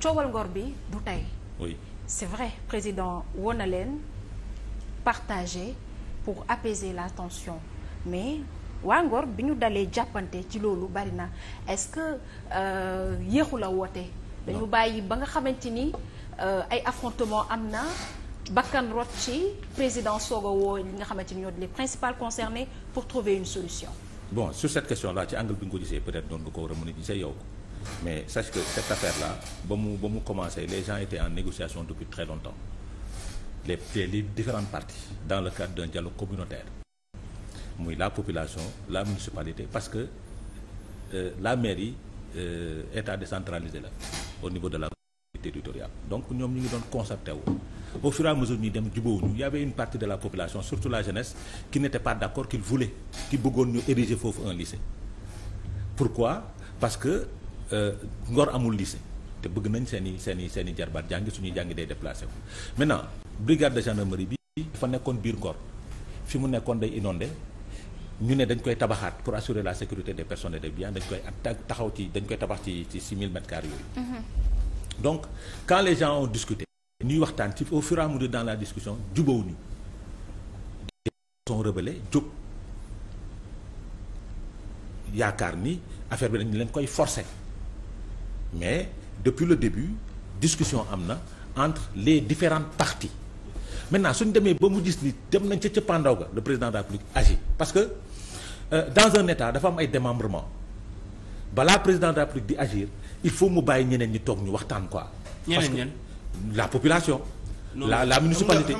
coowal ngor bi du tey. oui c'est vrai président woo leen partagé pour apaiser la tension mais waa ngor bi ñu dalee jàppante ci loolu bari na est-ce que euh, yéexu la woote. dañu bàyyi ba nga xamante ni euh, ay affrontement am na. bakkan rot ci président Sogo woo li nga xamante ni ñoo di les principaux concernés pour trouver une solution. bon sur cette question là ci angle bi nga ko gisee peut-être doon nga ko war a mën a gisee yow. mais sache que cette affaire la ba mu ba mu commencé les gens étaient en négociation depuis très longtemps les les différentes parties dans le cadre d'un dialogue communautaire muy la population la municipalité parce que euh, la mairie euh, état décentralisé la au niveau de la territoriale donc ñoom ñu ngi doon concerté wu au fur et à mesure ñuy dem jubóowuñu y avait une partie de la population surtout la jeunesse qui n'était pas d'accord qu'il voulait qui bëggoon ñu ériger foofu un Euh, ngor amul lycée te bëgg nañ seen i seen i seen jarbaat jàngi suñuy jàngi day déplacé wu. maintenant brigade de gendarmerie bi fa nekkoon biir ngor fi mu nekkoon day inondé ñu ne dañ koy tabaxaat pour assurer la sécurité des personne et des dañ koy taxaw ci dañ koy tabax ci ci six mille mètres carrés yooyu. Mm-hmm. donc quand les gens ont discuté. ñuy waxtaan ci foo fur mu à dans la discussion jubawuñu. sont rebellés jóg yaakaar ni affaire bi dañ leen koy forcé mais depuis le début discussion am na entre les différentes parties maintenant suñ demee ba mu gis ni dem nañ ca cëppaandaw ga le président de la République agit parce que euh, dans un état dafa am ay démembrement balaa président de la République di agir il faut mu bàyyi ñeneen ñi toog ñu waxtaan quoi. parce que la population. Non, la municipalité.